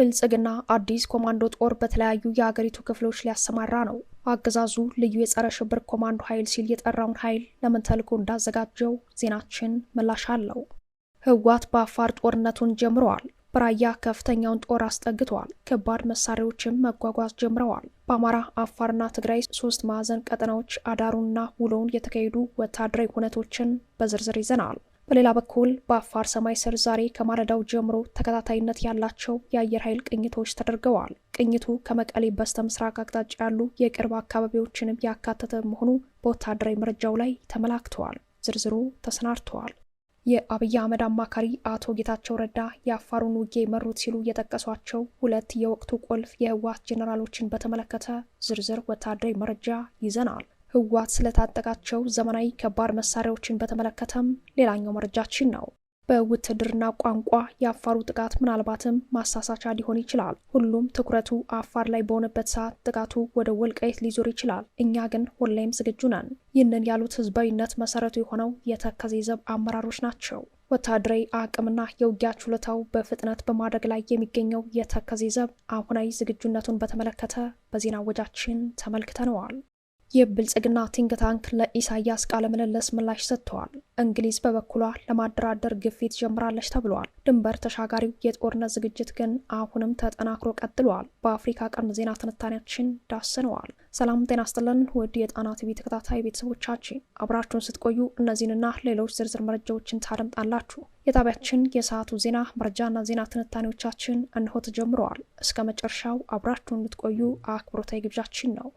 ብልጽግና አዲስ ኮማንዶ ጦር በተለያዩ የአገሪቱ ክፍሎች ሊያሰማራ ነው። አገዛዙ ልዩ የጸረ ሽብር ኮማንዶ ኃይል ሲል የጠራውን ኃይል ለምን ተልዕኮ እንዳዘጋጀው ዜናችን ምላሽ አለው። ህወሓት በአፋር ጦርነቱን ጀምረዋል። በራያ ከፍተኛውን ጦር አስጠግተዋል። ከባድ መሳሪያዎችም መጓጓዝ ጀምረዋል። በአማራ አፋርና ትግራይ ሶስት ማዕዘን ቀጠናዎች አዳሩና ውሎውን የተካሄዱ ወታደራዊ ሁነቶችን በዝርዝር ይዘናል። በሌላ በኩል በአፋር ሰማይ ስር ዛሬ ከማለዳው ጀምሮ ተከታታይነት ያላቸው የአየር ኃይል ቅኝቶች ተደርገዋል። ቅኝቱ ከመቀሌ በስተ ምስራቅ አቅጣጫ ያሉ የቅርብ አካባቢዎችንም ያካተተ መሆኑ በወታደራዊ መረጃው ላይ ተመላክተዋል። ዝርዝሩ ተሰናድተዋል። የአብይ አህመድ አማካሪ አቶ ጌታቸው ረዳ የአፋሩን ውጊያ የመሩት ሲሉ የጠቀሷቸው ሁለት የወቅቱ ቁልፍ የህወሓት ጄኔራሎችን በተመለከተ ዝርዝር ወታደራዊ መረጃ ይዘናል። ህወሓት ስለታጠቃቸው ዘመናዊ ከባድ መሳሪያዎችን በተመለከተም ሌላኛው መረጃችን ነው። በውትድርና ቋንቋ የአፋሩ ጥቃት ምናልባትም ማሳሳቻ ሊሆን ይችላል። ሁሉም ትኩረቱ አፋር ላይ በሆነበት ሰዓት ጥቃቱ ወደ ወልቃይት ሊዞር ይችላል። እኛ ግን ሁሌም ዝግጁ ነን። ይህንን ያሉት ህዝባዊነት መሰረቱ የሆነው የተከዜ ዘብ አመራሮች ናቸው። ወታደራዊ አቅምና የውጊያ ችሎታው በፍጥነት በማደግ ላይ የሚገኘው የተከዜ ዘብ አሁናዊ ዝግጁነቱን በተመለከተ በዜና ወጃችን ተመልክተነዋል። የብልጽግና ቲንክ ታንክ ለኢሳያስ ቃለ ምልልስ ምላሽ ሰጥተዋል። እንግሊዝ በበኩሏ ለማደራደር ግፊት ጀምራለች ተብሏል። ድንበር ተሻጋሪው የጦርነት ዝግጅት ግን አሁንም ተጠናክሮ ቀጥሏል። በአፍሪካ ቀንድ ዜና ትንታኔያችን ዳስነዋል። ሰላም ጤና ስጥልን ውድ የጣና ቲቪ ተከታታይ ቤተሰቦቻችን፣ አብራችሁን ስትቆዩ እነዚህንና ሌሎች ዝርዝር መረጃዎችን ታደምጣላችሁ። የጣቢያችን የሰዓቱ ዜና መረጃና ዜና ትንታኔዎቻችን እንሆ ተጀምረዋል። እስከ መጨረሻው አብራችሁን ልትቆዩ አክብሮታዊ ግብዣችን ነው።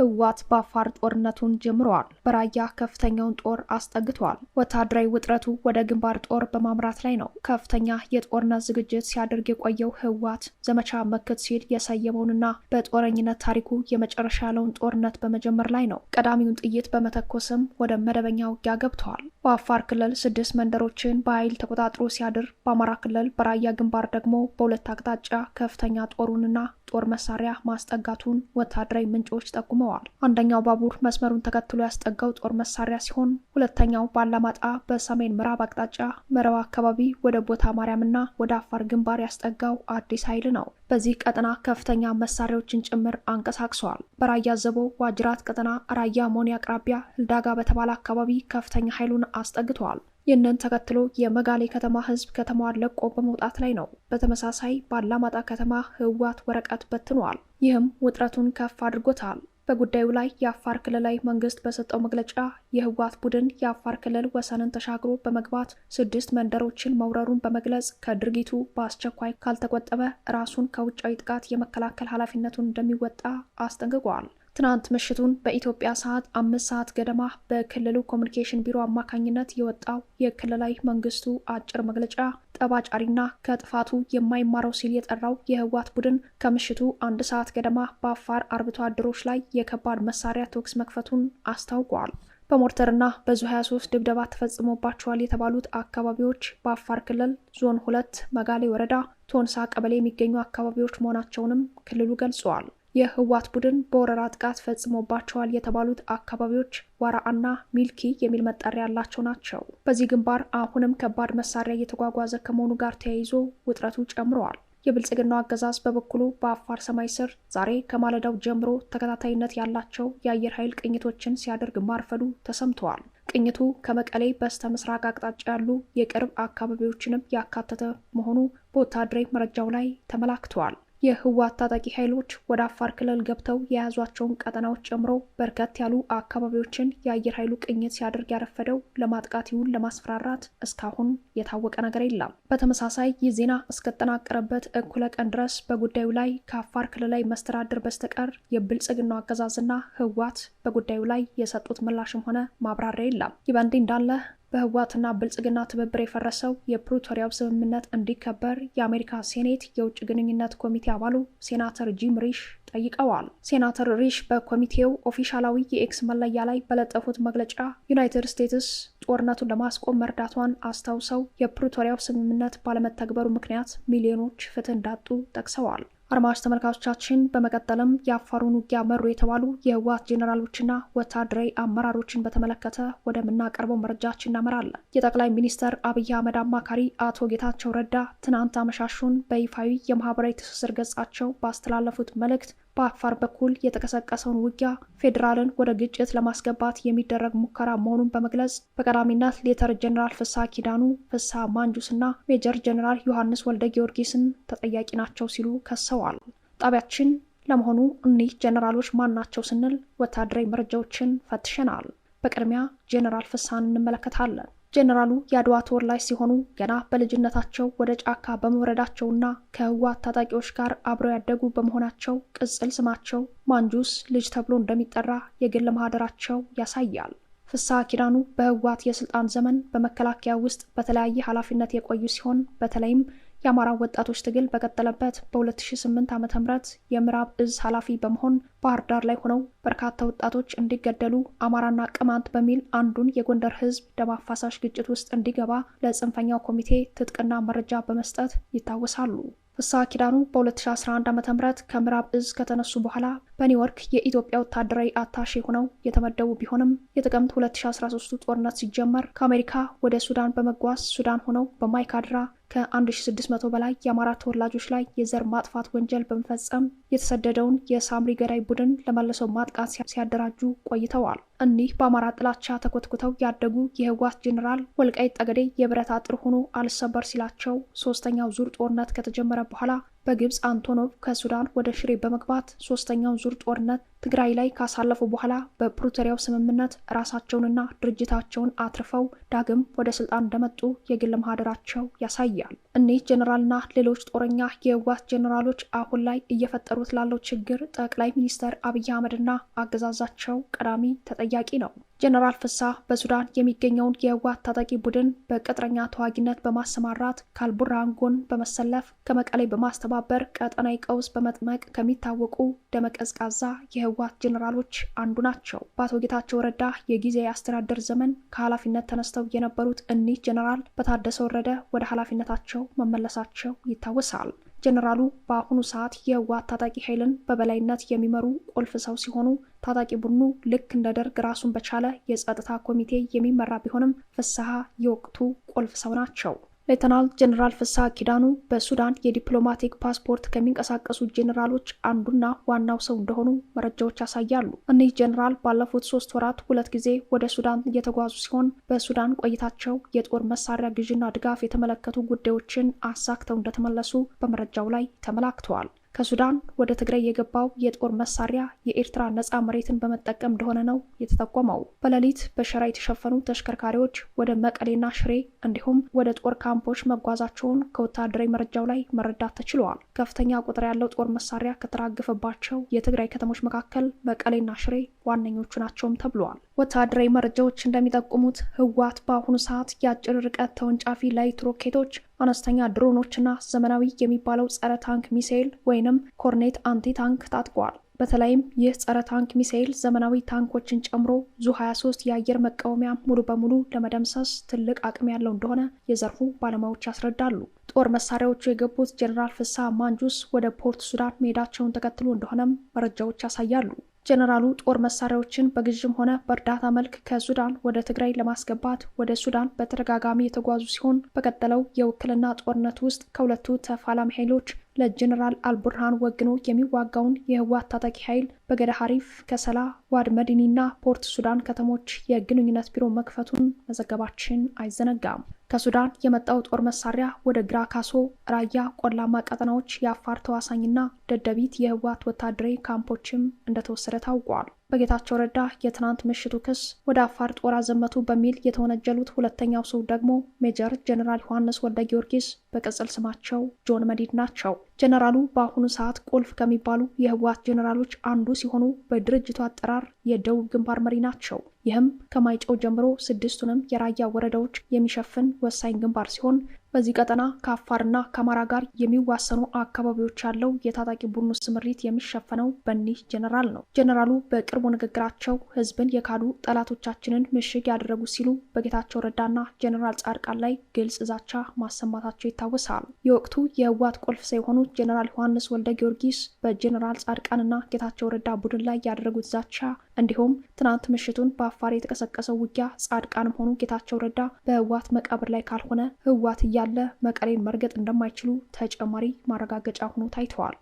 ህወሓት በአፋር ጦርነቱን ጀምረዋል። በራያ ከፍተኛውን ጦር አስጠግተዋል። ወታደራዊ ውጥረቱ ወደ ግንባር ጦር በማምራት ላይ ነው። ከፍተኛ የጦርነት ዝግጅት ሲያደርግ የቆየው ህወሓት ዘመቻ መክት ሲል የሰየመውንና በጦረኝነት ታሪኩ የመጨረሻ ያለውን ጦርነት በመጀመር ላይ ነው። ቀዳሚውን ጥይት በመተኮስም ወደ መደበኛ ውጊያ ገብተዋል። በአፋር ክልል ስድስት መንደሮችን በኃይል ተቆጣጥሮ ሲያድር፣ በአማራ ክልል በራያ ግንባር ደግሞ በሁለት አቅጣጫ ከፍተኛ ጦሩንና ጦር መሳሪያ ማስጠጋቱን ወታደራዊ ምንጮች ጠቁመዋል። ቆመዋል። አንደኛው ባቡር መስመሩን ተከትሎ ያስጠጋው ጦር መሳሪያ ሲሆን ሁለተኛው ባላማጣ በሰሜን ምዕራብ አቅጣጫ መረባ አካባቢ ወደ ቦታ ማርያምና ወደ አፋር ግንባር ያስጠጋው አዲስ ኃይል ነው። በዚህ ቀጠና ከፍተኛ መሳሪያዎችን ጭምር አንቀሳቅሰዋል። በራያ ዘቦ ዋጅራት ቀጠና ራያ ሞኒ አቅራቢያ ህልዳጋ በተባለ አካባቢ ከፍተኛ ኃይሉን አስጠግተዋል። ይህንን ተከትሎ የመጋሌ ከተማ ህዝብ ከተማዋን ለቆ በመውጣት ላይ ነው። በተመሳሳይ ባላማጣ ከተማ ህወሓት ወረቀት በትኗል። ይህም ውጥረቱን ከፍ አድርጎታል። በጉዳዩ ላይ የአፋር ክልላዊ መንግስት በሰጠው መግለጫ የህወሓት ቡድን የአፋር ክልል ወሰንን ተሻግሮ በመግባት ስድስት መንደሮችን መውረሩን በመግለጽ ከድርጊቱ በአስቸኳይ ካልተቆጠበ ራሱን ከውጫዊ ጥቃት የመከላከል ኃላፊነቱን እንደሚወጣ አስጠንቅቋል። ትናንት ምሽቱን በኢትዮጵያ ሰዓት አምስት ሰዓት ገደማ በክልሉ ኮሚኒኬሽን ቢሮ አማካኝነት የወጣው የክልላዊ መንግስቱ አጭር መግለጫ ጠባጫሪና ከጥፋቱ የማይማረው ሲል የጠራው የህወሓት ቡድን ከምሽቱ አንድ ሰዓት ገደማ በአፋር አርብቶ አደሮች ላይ የከባድ መሳሪያ ተኩስ መክፈቱን አስታውቋል። በሞርተርና በዙ 23 ድብደባ ተፈጽሞባቸዋል የተባሉት አካባቢዎች በአፋር ክልል ዞን ሁለት መጋሌ ወረዳ ቶንሳ ቀበሌ የሚገኙ አካባቢዎች መሆናቸውንም ክልሉ ገልጸዋል። የህዋት ቡድን በወረራ ጥቃት ፈጽሞባቸዋል የተባሉት አካባቢዎች ዋራአና ሚልኪ የሚል መጠሪያ ያላቸው ናቸው። በዚህ ግንባር አሁንም ከባድ መሳሪያ እየተጓጓዘ ከመሆኑ ጋር ተያይዞ ውጥረቱ ጨምረዋል። የብልጽግናው አገዛዝ በበኩሉ በአፋር ሰማይ ስር ዛሬ ከማለዳው ጀምሮ ተከታታይነት ያላቸው የአየር ኃይል ቅኝቶችን ሲያደርግ ማርፈዱ ተሰምተዋል። ቅኝቱ ከመቀሌ በስተ ምስራቅ አቅጣጫ ያሉ የቅርብ አካባቢዎችንም ያካተተ መሆኑ በወታደራዊ መረጃው ላይ ተመላክተዋል። የህወሓት ታጣቂ ኃይሎች ወደ አፋር ክልል ገብተው የያዟቸውን ቀጠናዎች ጨምሮ በርከት ያሉ አካባቢዎችን የአየር ኃይሉ ቅኝት ሲያደርግ ያረፈደው ለማጥቃት ይሁን ለማስፈራራት እስካሁን የታወቀ ነገር የለም። በተመሳሳይ ይህ ዜና እስከጠናቀረበት እኩለ ቀን ድረስ በጉዳዩ ላይ ከአፋር ክልላዊ መስተዳድር በስተቀር የብልጽግናው አገዛዝና ህወሓት በጉዳዩ ላይ የሰጡት ምላሽም ሆነ ማብራሪያ የለም። ይህ በእንዲህ እንዳለ በህወሓትና ብልጽግና ትብብር የፈረሰው የፕሪቶሪያው ስምምነት እንዲከበር የአሜሪካ ሴኔት የውጭ ግንኙነት ኮሚቴ አባሉ ሴናተር ጂም ሪሽ ጠይቀዋል። ሴናተር ሪሽ በኮሚቴው ኦፊሻላዊ የኤክስ መለያ ላይ በለጠፉት መግለጫ ዩናይትድ ስቴትስ ጦርነቱን ለማስቆም መርዳቷን አስታውሰው የፕሪቶሪያው ስምምነት ባለመተግበሩ ምክንያት ሚሊዮኖች ፍትህ እንዳጡ ጠቅሰዋል። አድማጭ ተመልካቾቻችን በመቀጠልም የአፋሩን ውጊያ መሩ የተባሉ የህወሓት ጄኔራሎችና ወታደራዊ አመራሮችን በተመለከተ ወደምናቀርበው መረጃችን እናመራለን። የጠቅላይ ሚኒስትር አብይ አህመድ አማካሪ አቶ ጌታቸው ረዳ ትናንት አመሻሹን በይፋዊ የማህበራዊ ትስስር ገጻቸው ባስተላለፉት መልእክት በአፋር በኩል የተቀሰቀሰውን ውጊያ ፌዴራልን ወደ ግጭት ለማስገባት የሚደረግ ሙከራ መሆኑን በመግለጽ በቀዳሚነት ሌተር ጀኔራል ፍሳ ኪዳኑ፣ ማንጁስ ማንጁስና ሜጀር ጀኔራል ዮሐንስ ወልደ ጊዮርጊስን ተጠያቂ ናቸው ሲሉ ከሰዋል። ጣቢያችን ለመሆኑ እኒህ ጀኔራሎች ማን ናቸው ስንል ወታደራዊ መረጃዎችን ፈትሸናል። በቅድሚያ ጀኔራል ፍሳን እንመለከታለን። ጄኔራሉ የአድዋ ተወላጅ ሲሆኑ ገና በልጅነታቸው ወደ ጫካ በመውረዳቸውና ከህወሓት ታጣቂዎች ጋር አብረው ያደጉ በመሆናቸው ቅጽል ስማቸው ማንጁስ ልጅ ተብሎ እንደሚጠራ የግል ማህደራቸው ያሳያል። ፍስሐ ኪዳኑ በህወሓት የስልጣን ዘመን በመከላከያ ውስጥ በተለያየ ኃላፊነት የቆዩ ሲሆን በተለይም የአማራ ወጣቶች ትግል በቀጠለበት በ2008 ዓ ም የምዕራብ እዝ ኃላፊ በመሆን ባህር ዳር ላይ ሆነው በርካታ ወጣቶች እንዲገደሉ አማራና ቅማንት በሚል አንዱን የጎንደር ህዝብ ደም አፋሳሽ ግጭት ውስጥ እንዲገባ ለጽንፈኛው ኮሚቴ ትጥቅና መረጃ በመስጠት ይታወሳሉ። ፍስሐ ኪዳኑ በ2011 ዓ ም ከምዕራብ እዝ ከተነሱ በኋላ በኒውዮርክ የኢትዮጵያ ወታደራዊ አታሼ ሆነው የተመደቡ ቢሆንም የጥቅምት 2013ቱ ጦርነት ሲጀመር ከአሜሪካ ወደ ሱዳን በመጓዝ ሱዳን ሆነው በማይካድራ ከ1600 በላይ የአማራ ተወላጆች ላይ የዘር ማጥፋት ወንጀል በመፈጸም የተሰደደውን የሳምሪ ገዳይ ቡድን ለመልሶ ማጥቃት ሲያደራጁ ቆይተዋል። እኒህ በአማራ ጥላቻ ተኮትኩተው ያደጉ የህወሓት ጄኔራል ወልቃይት ጠገዴ የብረት አጥር ሆኖ አልሰበር ሲላቸው ሶስተኛው ዙር ጦርነት ከተጀመረ በኋላ በግብፅ አንቶኖቭ ከሱዳን ወደ ሽሬ በመግባት ሶስተኛውን ዙር ጦርነት ትግራይ ላይ ካሳለፉ በኋላ በፕሪቶሪያው ስምምነት ራሳቸውንና ድርጅታቸውን አትርፈው ዳግም ወደ ስልጣን እንደመጡ የግል ማህደራቸው ያሳያል። እኒህ ጀኔራልና ሌሎች ጦረኛ የህወሓት ጀኔራሎች አሁን ላይ እየፈጠሩት ላለው ችግር ጠቅላይ ሚኒስትር አብይ አህመድና አገዛዛቸው ቀዳሚ ተጠ ተጠያቂ ነው። ጀነራል ፍሳ በሱዳን የሚገኘውን የህወሓት ታጣቂ ቡድን በቅጥረኛ ተዋጊነት በማሰማራት ከአልቡርሃን ጎን በመሰለፍ ከመቀሌ በማስተባበር ቀጠናዊ ቀውስ በመጥመቅ ከሚታወቁ ደመቀዝቃዛ የህወሓት ጀኔራሎች አንዱ ናቸው። በአቶ ጌታቸው ረዳ የጊዜ አስተዳደር ዘመን ከኃላፊነት ተነስተው የነበሩት እኒህ ጀኔራል በታደሰ ወረደ ወደ ኃላፊነታቸው መመለሳቸው ይታወሳል። ጀኔራሉ በአሁኑ ሰዓት የህወሓት ታጣቂ ኃይልን በበላይነት የሚመሩ ቁልፍ ሰው ሲሆኑ ታጣቂ ቡድኑ ልክ እንደ ደርግ ራሱን በቻለ የጸጥታ ኮሚቴ የሚመራ ቢሆንም ፍስሐ የወቅቱ ቁልፍ ሰው ናቸው። ሌተናል ጀኔራል ፍስሐ ኪዳኑ በሱዳን የዲፕሎማቲክ ፓስፖርት ከሚንቀሳቀሱ ጀኔራሎች አንዱና ዋናው ሰው እንደሆኑ መረጃዎች ያሳያሉ። እኒህ ጄኔራል ባለፉት ሶስት ወራት ሁለት ጊዜ ወደ ሱዳን እየተጓዙ ሲሆን በሱዳን ቆይታቸው የጦር መሳሪያ ግዥና ድጋፍ የተመለከቱ ጉዳዮችን አሳክተው እንደተመለሱ በመረጃው ላይ ተመላክተዋል። ከሱዳን ወደ ትግራይ የገባው የጦር መሳሪያ የኤርትራ ነፃ መሬትን በመጠቀም እንደሆነ ነው የተጠቆመው። በሌሊት በሸራ የተሸፈኑ ተሽከርካሪዎች ወደ መቀሌና ሽሬ እንዲሁም ወደ ጦር ካምፖች መጓዛቸውን ከወታደራዊ መረጃው ላይ መረዳት ተችሏል። ከፍተኛ ቁጥር ያለው ጦር መሳሪያ ከተራገፈባቸው የትግራይ ከተሞች መካከል መቀሌና ሽሬ ዋነኞቹ ናቸውም ተብለዋል። ወታደራዊ መረጃዎች እንደሚጠቁሙት ህወሓት በአሁኑ ሰዓት የአጭር ርቀት ተወንጫፊ ላይት ሮኬቶች፣ አነስተኛ ድሮኖችና ዘመናዊ የሚባለው ጸረ ታንክ ሚሳኤል ወይንም ኮርኔት አንቲ ታንክ ታጥቋል። በተለይም ይህ ጸረ ታንክ ሚሳኤል ዘመናዊ ታንኮችን ጨምሮ ዙ 23 የአየር መቃወሚያ ሙሉ በሙሉ ለመደምሰስ ትልቅ አቅም ያለው እንደሆነ የዘርፉ ባለሙያዎች ያስረዳሉ። ጦር መሳሪያዎቹ የገቡት ጀኔራል ፍሳ ማንጁስ ወደ ፖርት ሱዳን መሄዳቸውን ተከትሎ እንደሆነም መረጃዎች ያሳያሉ። ጀነራሉ ጦር መሳሪያዎችን በግዥም ሆነ በእርዳታ መልክ ከሱዳን ወደ ትግራይ ለማስገባት ወደ ሱዳን በተደጋጋሚ የተጓዙ ሲሆን በቀጠለው የውክልና ጦርነት ውስጥ ከሁለቱ ተፋላሚ ኃይሎች ለጀኔራል አልቡርሃን ወግኖ የሚዋጋውን የህወሓት ታጣቂ ኃይል በገደ ሐሪፍ፣ ከሰላ፣ ዋድ መዲኒ ና ፖርት ሱዳን ከተሞች የግንኙነት ቢሮ መክፈቱን መዘገባችን አይዘነጋም። ከሱዳን የመጣው ጦር መሳሪያ ወደ ግራ ካሶ፣ ራያ ቆላማ ቀጠናዎች፣ የአፋር ተዋሳኝና ደደቢት የህወሓት ወታደራዊ ካምፖችም እንደተወሰደ ታውቋል። በጌታቸው ረዳ የትናንት ምሽቱ ክስ ወደ አፋር ጦር አዘመቱ በሚል የተወነጀሉት ሁለተኛው ሰው ደግሞ ሜጀር ጀኔራል ዮሐንስ ወልደ ጊዮርጊስ በቅጽል ስማቸው ጆን መዲድ ናቸው። ጀኔራሉ በአሁኑ ሰዓት ቁልፍ ከሚባሉ የህወሓት ጀኔራሎች አንዱ ሲሆኑ በድርጅቱ አጠራር የደቡብ ግንባር መሪ ናቸው። ይህም ከማይጨው ጀምሮ ስድስቱንም የራያ ወረዳዎች የሚሸፍን ወሳኝ ግንባር ሲሆን በዚህ ቀጠና ከአፋርና ከአማራ ጋር የሚዋሰኑ አካባቢዎች ያለው የታጣቂ ቡድኑ ስምሪት የሚሸፈነው በኒህ ጀኔራል ነው። ጀኔራሉ በቅርቡ ንግግራቸው ህዝብን የካዱ ጠላቶቻችንን ምሽግ ያደረጉ ሲሉ በጌታቸው ረዳና ጀኔራል ጻድቃን ላይ ግልጽ ዛቻ ማሰማታቸው ይታወሳል። የወቅቱ የህወሓት ቁልፍ ሰው የሆኑት ጀኔራል ዮሐንስ ወልደ ጊዮርጊስ በጀኔራል ጻድቃንና ጌታቸው ረዳ ቡድን ላይ ያደረጉት ዛቻ እንዲሁም ትናንት ምሽቱን በአፋር የተቀሰቀሰው ውጊያ ጻድቃንም ሆኑ ጌታቸው ረዳ በህወሓት መቃብር ላይ ካልሆነ ህወሓት እያለ መቀሌን መርገጥ እንደማይችሉ ተጨማሪ ማረጋገጫ ሆኖ ታይተዋል።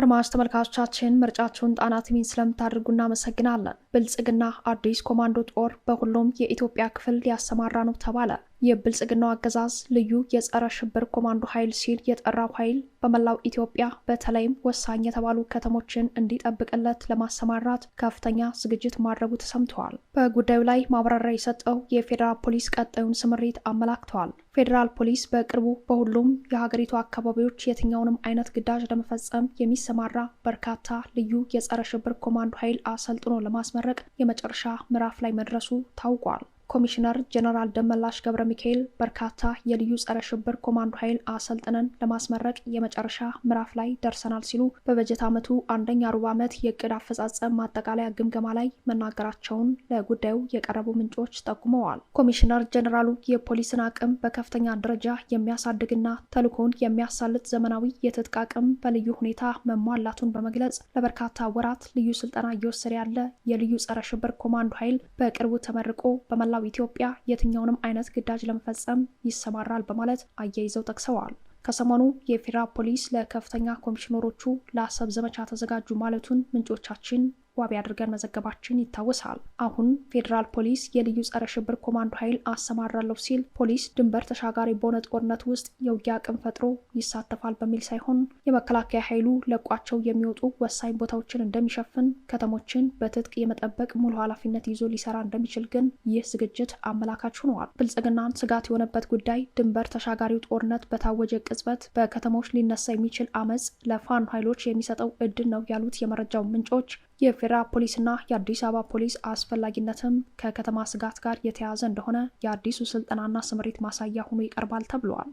አድማጭ ተመልካቾቻችን ምርጫቸውን ጣና ቲቪን ስለምታደርጉ እናመሰግናለን። ብልጽግና አዲስ ኮማንዶ ጦር በሁሉም የኢትዮጵያ ክፍል ሊያሰማራ ነው ተባለ። የብልጽግናው አገዛዝ ልዩ የጸረ ሽብር ኮማንዶ ኃይል ሲል የጠራው ኃይል በመላው ኢትዮጵያ በተለይም ወሳኝ የተባሉ ከተሞችን እንዲጠብቅለት ለማሰማራት ከፍተኛ ዝግጅት ማድረጉ ተሰምተዋል። በጉዳዩ ላይ ማብራሪያ የሰጠው የፌዴራል ፖሊስ ቀጣዩን ስምሪት አመላክተዋል። ፌዴራል ፖሊስ በቅርቡ በሁሉም የሀገሪቱ አካባቢዎች የትኛውንም አይነት ግዳጅ ለመፈጸም የሚሰማራ በርካታ ልዩ የጸረ ሽብር ኮማንዶ ኃይል አሰልጥኖ ለማስመረቅ የመጨረሻ ምዕራፍ ላይ መድረሱ ታውቋል። ኮሚሽነር ጀነራል ደመላሽ ገብረ ሚካኤል በርካታ የልዩ ጸረ ሽብር ኮማንዶ ኃይል አሰልጥነን ለማስመረቅ የመጨረሻ ምዕራፍ ላይ ደርሰናል ሲሉ በበጀት ዓመቱ አንደኛ ሩብ ዓመት የእቅድ አፈጻጸም ማጠቃለያ ግምገማ ላይ መናገራቸውን ለጉዳዩ የቀረቡ ምንጮች ጠቁመዋል። ኮሚሽነር ጀነራሉ የፖሊስን አቅም በከፍተኛ ደረጃ የሚያሳድግና ተልእኮውን የሚያሳልጥ ዘመናዊ የትጥቅ አቅም በልዩ ሁኔታ መሟላቱን በመግለጽ ለበርካታ ወራት ልዩ ስልጠና እየወሰደ ያለ የልዩ ጸረ ሽብር ኮማንዶ ኃይል በቅርቡ ተመርቆ በመላ በመላው ኢትዮጵያ የትኛውንም አይነት ግዳጅ ለመፈጸም ይሰማራል በማለት አያይዘው ጠቅሰዋል። ከሰሞኑ የፌዴራል ፖሊስ ለከፍተኛ ኮሚሽነሮቹ ለአሰብ ዘመቻ ተዘጋጁ ማለቱን ምንጮቻችን ዋቢ አድርገን መዘገባችን ይታወሳል። አሁን ፌዴራል ፖሊስ የልዩ ጸረ ሽብር ኮማንዶ ኃይል አሰማራለሁ ሲል ፖሊስ ድንበር ተሻጋሪ በሆነ ጦርነት ውስጥ የውጊያ አቅም ፈጥሮ ይሳተፋል በሚል ሳይሆን የመከላከያ ኃይሉ ለቋቸው የሚወጡ ወሳኝ ቦታዎችን እንደሚሸፍን፣ ከተሞችን በትጥቅ የመጠበቅ ሙሉ ኃላፊነት ይዞ ሊሰራ እንደሚችል ግን ይህ ዝግጅት አመላካች ሆነዋል። ብልጽግናን ስጋት የሆነበት ጉዳይ ድንበር ተሻጋሪው ጦርነት በታወጀ ቅጽበት በከተሞች ሊነሳ የሚችል አመፅ ለፋኖ ኃይሎች የሚሰጠው እድል ነው ያሉት የመረጃው ምንጮች የፌዴራል ፖሊስና የአዲስ አበባ ፖሊስ አስፈላጊነትም ከከተማ ስጋት ጋር የተያያዘ እንደሆነ የአዲሱ ስልጠናና ስምሪት ማሳያ ሆኖ ይቀርባል ተብሏል።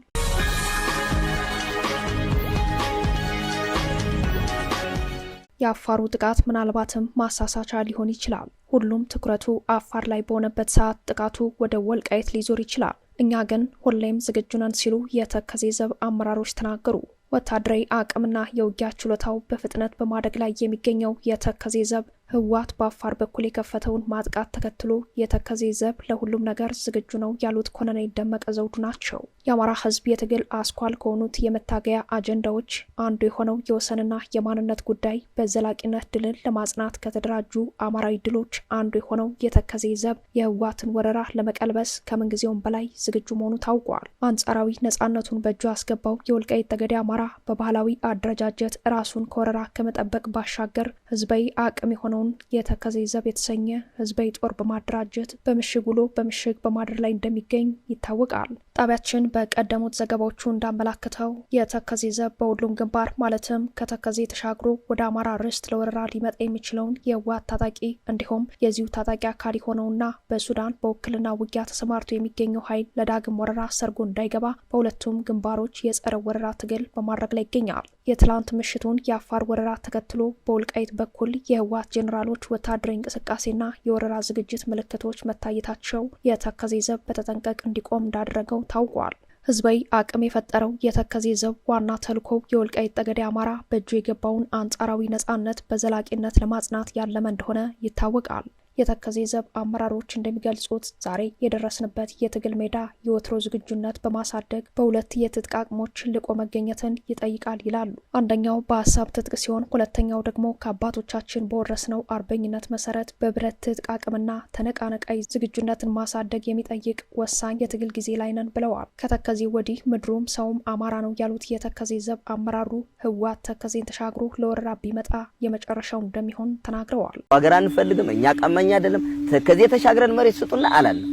የአፋሩ ጥቃት ምናልባትም ማሳሳቻ ሊሆን ይችላል። ሁሉም ትኩረቱ አፋር ላይ በሆነበት ሰዓት ጥቃቱ ወደ ወልቃየት ሊዞር ይችላል። እኛ ግን ሁሌም ዝግጁ ነን ሲሉ የተከዜ ዘብ አመራሮች ተናገሩ። ወታደራዊ አቅምና የውጊያ ችሎታው በፍጥነት በማደግ ላይ የሚገኘው የተከዜ ዘብ ህወሓት በአፋር በኩል የከፈተውን ማጥቃት ተከትሎ የተከዜ ዘብ ለሁሉም ነገር ዝግጁ ነው ያሉት ኮሎኔል ደመቀ ዘውዱ ናቸው። የአማራ ህዝብ የትግል አስኳል ከሆኑት የመታገያ አጀንዳዎች አንዱ የሆነው የወሰንና የማንነት ጉዳይ በዘላቂነት ድልን ለማጽናት ከተደራጁ አማራዊ ድሎች አንዱ የሆነው የተከዜ ዘብ የህወሓትን ወረራ ለመቀልበስ ከምንጊዜውም በላይ ዝግጁ መሆኑ ታውቋል። አንጻራዊ ነጻነቱን በእጁ ያስገባው የወልቃይት ጠገዴ አማራ በባህላዊ አደረጃጀት ራሱን ከወረራ ከመጠበቅ ባሻገር ህዝባዊ አቅም የሆነ የሆነውን የተከዜ ዘብ የተሰኘ ህዝባዊ ጦር በማደራጀት በምሽግ ውሎ በምሽግ በማደር ላይ እንደሚገኝ ይታወቃል። ጣቢያችን በቀደሙት ዘገባዎቹ እንዳመላክተው የተከዜ ዘብ በሁሉም ግንባር ማለትም ከተከዜ ተሻግሮ ወደ አማራ ርስት ለወረራ ሊመጣ የሚችለውን የህወሓት ታጣቂ እንዲሁም የዚሁ ታጣቂ አካል የሆነውና በሱዳን በውክልና ውጊያ ተሰማርቶ የሚገኘው ኃይል ለዳግም ወረራ ሰርጎ እንዳይገባ በሁለቱም ግንባሮች የጸረ ወረራ ትግል በማድረግ ላይ ይገኛል። የትላንት ምሽቱን የአፋር ወረራ ተከትሎ በወልቃይት በኩል የህወሓት ጄኔራሎች ወታደራዊ እንቅስቃሴና የወረራ ዝግጅት ምልክቶች መታየታቸው የተከዜ ዘብ በተጠንቀቅ እንዲቆም እንዳደረገው ታውቋል። ህዝባዊ አቅም የፈጠረው የተከዜ ዘብ ዋና ተልኮ የወልቃይት ጠገዴ አማራ በእጁ የገባውን አንጻራዊ ነጻነት በዘላቂነት ለማጽናት ያለመ እንደሆነ ይታወቃል። የተከዜ ዘብ አመራሮች እንደሚገልጹት ዛሬ የደረስንበት የትግል ሜዳ የወትሮ ዝግጁነት በማሳደግ በሁለት የትጥቅ አቅሞች ልቆ መገኘትን ይጠይቃል ይላሉ። አንደኛው በሀሳብ ትጥቅ ሲሆን፣ ሁለተኛው ደግሞ ከአባቶቻችን በወረስነው አርበኝነት መሰረት በብረት ትጥቅ አቅምና ተነቃነቃይ ዝግጁነትን ማሳደግ የሚጠይቅ ወሳኝ የትግል ጊዜ ላይ ነን ብለዋል። ከተከዜ ወዲህ ምድሩም ሰውም አማራ ነው ያሉት የተከዜ ዘብ አመራሩ ህወሓት ተከዜን ተሻግሮ ለወረራ ቢመጣ የመጨረሻው እንደሚሆን ተናግረዋል። ሀገር አንፈልግም እኛ አማርኛ አይደለም። ተከዜ ተሻግረን መሬት ስጡና አላለም።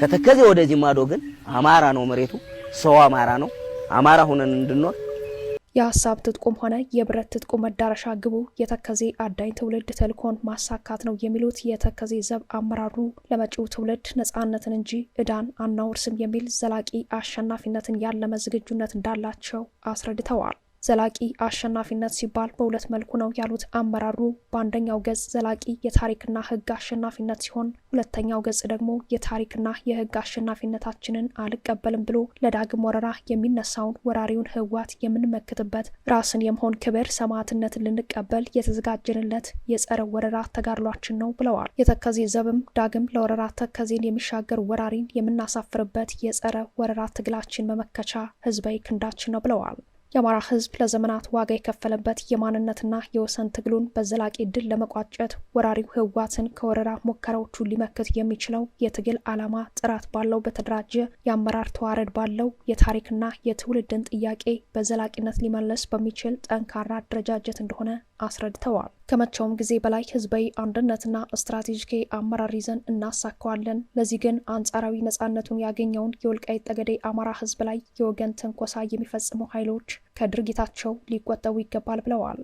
ከተከዜ ወደዚህ ማዶ ግን አማራ ነው መሬቱ፣ ሰው አማራ ነው። አማራ ሁነን እንድንኖር የሀሳብ ትጥቁም ሆነ የብረት ትጥቁ መዳረሻ ግቡ የተከዜ አዳኝ ትውልድ ተልኮን ማሳካት ነው የሚሉት የተከዜ ዘብ አመራሩ ለመጪው ትውልድ ነጻነትን እንጂ እዳን አናወርስም የሚል ዘላቂ አሸናፊነትን ያለመ ዝግጁነት እንዳላቸው አስረድተዋል። ዘላቂ አሸናፊነት ሲባል በሁለት መልኩ ነው ያሉት አመራሩ፣ በአንደኛው ገጽ ዘላቂ የታሪክና ሕግ አሸናፊነት ሲሆን፣ ሁለተኛው ገጽ ደግሞ የታሪክና የሕግ አሸናፊነታችንን አልቀበልም ብሎ ለዳግም ወረራ የሚነሳውን ወራሪውን ህዋት የምንመክትበት ራስን የመሆን ክብር ሰማዕትነትን ልንቀበል የተዘጋጀንለት የጸረ ወረራ ተጋድሏችን ነው ብለዋል። የተከዜ ዘብም ዳግም ለወረራ ተከዜን የሚሻገር ወራሪን የምናሳፍርበት የጸረ ወረራ ትግላችን መመከቻ ህዝባዊ ክንዳችን ነው ብለዋል። የአማራ ህዝብ ለዘመናት ዋጋ የከፈለበት የማንነትና የወሰን ትግሉን በዘላቂ ድል ለመቋጨት ወራሪው ህወሓትን ከወረራ ሙከራዎቹ ሊመክት የሚችለው የትግል ዓላማ ጥራት ባለው በተደራጀ የአመራር ተዋረድ ባለው የታሪክና የትውልድን ጥያቄ በዘላቂነት ሊመለስ በሚችል ጠንካራ አደረጃጀት እንደሆነ አስረድተዋል። ከመቼውም ጊዜ በላይ ህዝባዊ አንድነትና ስትራቴጂካዊ አመራር ይዘን እናሳካዋለን። ለዚህ ግን አንጻራዊ ነጻነቱን ያገኘውን የወልቃይት ጠገዴ አማራ ህዝብ ላይ የወገን ትንኮሳ የሚፈጽሙ ኃይሎች ከድርጊታቸው ሊቆጠቡ ይገባል ብለዋል።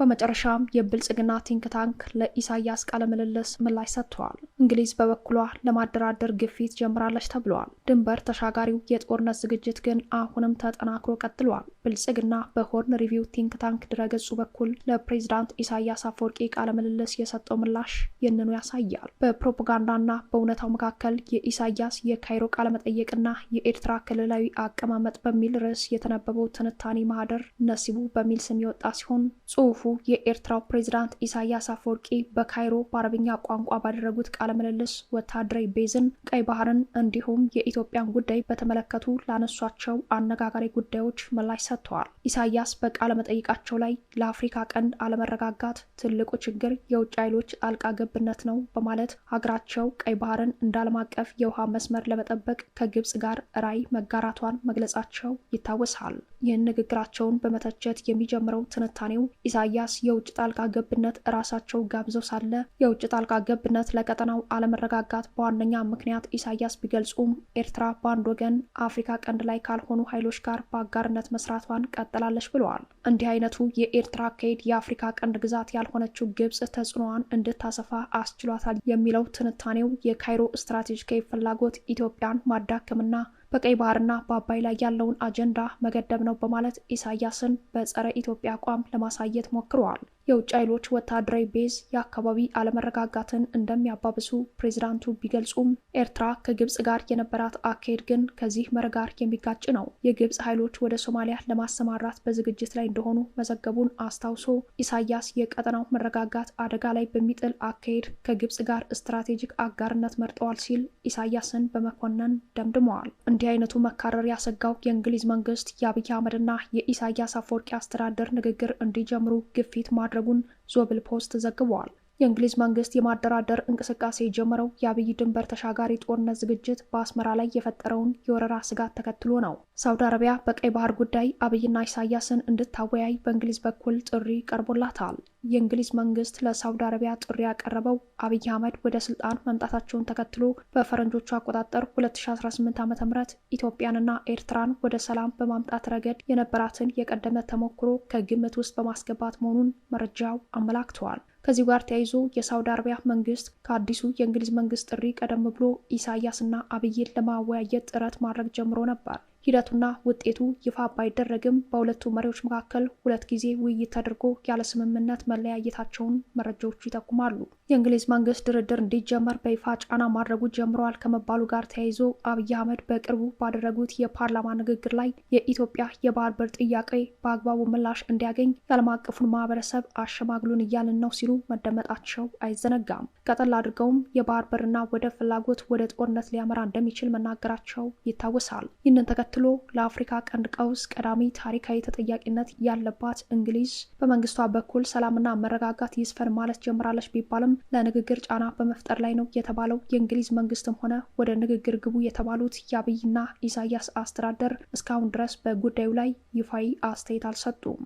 በመጨረሻም የብልጽግና ቲንክ ታንክ ለኢሳያስ ቃለ ምልልስ ምላሽ ሰጥተዋል። እንግሊዝ በበኩሏ ለማደራደር ግፊት ጀምራለች ተብለዋል። ድንበር ተሻጋሪው የጦርነት ዝግጅት ግን አሁንም ተጠናክሮ ቀጥሏል። ብልጽግና በሆርን ሪቪው ቲንክ ታንክ ድረገጹ በኩል ለፕሬዚዳንት ኢሳያስ አፈወርቂ ቃለ ምልልስ የሰጠው ምላሽ ይህንኑ ያሳያል። በፕሮፓጋንዳና በእውነታው መካከል የኢሳያስ የካይሮ ቃለ መጠየቅና የኤርትራ ክልላዊ አቀማመጥ በሚል ርዕስ የተነበበው ትንታኔ ማህደር ነሲቡ በሚል ስም የወጣ ሲሆን ጽሁፉ የኤርትራው ፕሬዚዳንት ኢሳያስ አፈወርቂ በካይሮ በአረብኛ ቋንቋ ባደረጉት ቃለ ምልልስ ወታደራዊ ቤዝን፣ ቀይ ባህርን እንዲሁም የኢትዮጵያን ጉዳይ በተመለከቱ ላነሷቸው አነጋጋሪ ጉዳዮች ምላሽ ሰጥተዋል። ኢሳያስ በቃለ መጠይቃቸው ላይ ለአፍሪካ ቀንድ አለመረጋጋት ትልቁ ችግር የውጭ ኃይሎች ጣልቃ ገብነት ነው በማለት ሀገራቸው ቀይ ባህርን እንደ ዓለም አቀፍ የውሃ መስመር ለመጠበቅ ከግብጽ ጋር ራዕይ መጋራቷን መግለጻቸው ይታወሳል። ይህን ንግግራቸውን በመተቸት የሚጀምረው ትንታኔው ኢሳያስ ኢሳያስ የውጭ ጣልቃ ገብነት ራሳቸው ጋብዘው ሳለ የውጭ ጣልቃ ገብነት ለቀጠናው አለመረጋጋት በዋነኛ ምክንያት ኢሳያስ ቢገልጹም ኤርትራ በአንድ ወገን አፍሪካ ቀንድ ላይ ካልሆኑ ኃይሎች ጋር በአጋርነት መስራቷን ቀጥላለች ብለዋል። እንዲህ አይነቱ የኤርትራ አካሄድ የአፍሪካ ቀንድ ግዛት ያልሆነችው ግብጽ ተጽዕኖዋን እንድታሰፋ አስችሏታል የሚለው ትንታኔው የካይሮ ስትራቴጂካዊ ፍላጎት ኢትዮጵያን ማዳከምና በቀይ ባህርና በአባይ ላይ ያለውን አጀንዳ መገደብ ነው በማለት ኢሳያስን በጸረ ኢትዮጵያ አቋም ለማሳየት ሞክረዋል። የውጭ ኃይሎች ወታደራዊ ቤዝ የአካባቢ አለመረጋጋትን እንደሚያባብሱ ፕሬዚዳንቱ ቢገልጹም ኤርትራ ከግብፅ ጋር የነበራት አካሄድ ግን ከዚህ መር ጋር የሚጋጭ ነው። የግብፅ ኃይሎች ወደ ሶማሊያ ለማሰማራት በዝግጅት ላይ እንደሆኑ መዘገቡን አስታውሶ ኢሳያስ የቀጠናው መረጋጋት አደጋ ላይ በሚጥል አካሄድ ከግብፅ ጋር ስትራቴጂክ አጋርነት መርጠዋል ሲል ኢሳያስን በመኮነን ደምድመዋል። እንዲህ አይነቱ መካረር ያሰጋው የእንግሊዝ መንግስት የአብይ አህመድና የኢሳያስ አፈወርቂ አስተዳደር ንግግር እንዲጀምሩ ግፊት ማድረጉን ዞብል ፖስት ዘግቧል። የእንግሊዝ መንግስት የማደራደር እንቅስቃሴ የጀመረው የአብይ ድንበር ተሻጋሪ ጦርነት ዝግጅት በአስመራ ላይ የፈጠረውን የወረራ ስጋት ተከትሎ ነው። ሳውዲ አረቢያ በቀይ ባህር ጉዳይ አብይና ኢሳያስን እንድታወያይ በእንግሊዝ በኩል ጥሪ ቀርቦላታል። የእንግሊዝ መንግስት ለሳውዲ አረቢያ ጥሪ ያቀረበው አብይ አህመድ ወደ ስልጣን መምጣታቸውን ተከትሎ በፈረንጆቹ አቆጣጠር 2018 ዓ ም ኢትዮጵያንና ኤርትራን ወደ ሰላም በማምጣት ረገድ የነበራትን የቀደመ ተሞክሮ ከግምት ውስጥ በማስገባት መሆኑን መረጃው አመላክተዋል። ከዚሁ ጋር ተያይዞ የሳውዲ አረቢያ መንግስት ከአዲሱ የእንግሊዝ መንግስት ጥሪ ቀደም ብሎ ኢሳያስና አብይን ለማወያየት ጥረት ማድረግ ጀምሮ ነበር። ሂደቱና ውጤቱ ይፋ ባይደረግም በሁለቱ መሪዎች መካከል ሁለት ጊዜ ውይይት ተደርጎ ያለ ስምምነት መለያየታቸውን መረጃዎቹ ይጠቁማሉ። የእንግሊዝ መንግስት ድርድር እንዲጀመር በይፋ ጫና ማድረጉ ጀምረዋል ከመባሉ ጋር ተያይዞ አብይ አህመድ በቅርቡ ባደረጉት የፓርላማ ንግግር ላይ የኢትዮጵያ የባህር በር ጥያቄ በአግባቡ ምላሽ እንዲያገኝ የዓለም አቀፉን ማህበረሰብ አሸማግሉን እያልን ነው ሲሉ መደመጣቸው አይዘነጋም። ቀጠል አድርገውም የባህር በርና ወደ ፍላጎት ወደ ጦርነት ሊያመራ እንደሚችል መናገራቸው ይታወሳል። ይህንን ተከትሎ ለአፍሪካ ቀንድ ቀውስ ቀዳሚ ታሪካዊ ተጠያቂነት ያለባት እንግሊዝ በመንግስቷ በኩል ሰላምና መረጋጋት ይስፈን ማለት ጀምራለች ቢባልም በመሆንም ለንግግር ጫና በመፍጠር ላይ ነው የተባለው። የእንግሊዝ መንግስትም ሆነ ወደ ንግግር ግቡ የተባሉት የአብይና ኢሳያስ አስተዳደር እስካሁን ድረስ በጉዳዩ ላይ ይፋዊ አስተያየት አልሰጡም።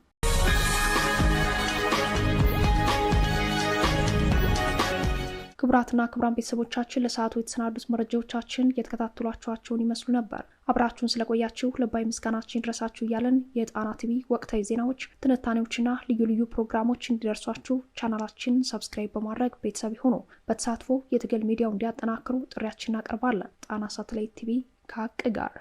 ክቡራትና ክቡራን ቤተሰቦቻችን ለሰዓቱ የተሰናዱት መረጃዎቻችን የተከታተሏቸኋቸውን ይመስሉ ነበር። አብራችሁን ስለቆያችሁ ልባዊ ምስጋናችን ይድረሳችሁ እያለን የጣና ቲቪ ወቅታዊ ዜናዎች፣ ትንታኔዎችና ልዩ ልዩ ፕሮግራሞች እንዲደርሷችሁ ቻናላችን ሰብስክራይብ በማድረግ ቤተሰብ ሆኑ። በተሳትፎ የትግል ሚዲያው እንዲያጠናክሩ ጥሪያችን እናቀርባለን። ጣና ሳተላይት ቲቪ ከሀቅ ጋር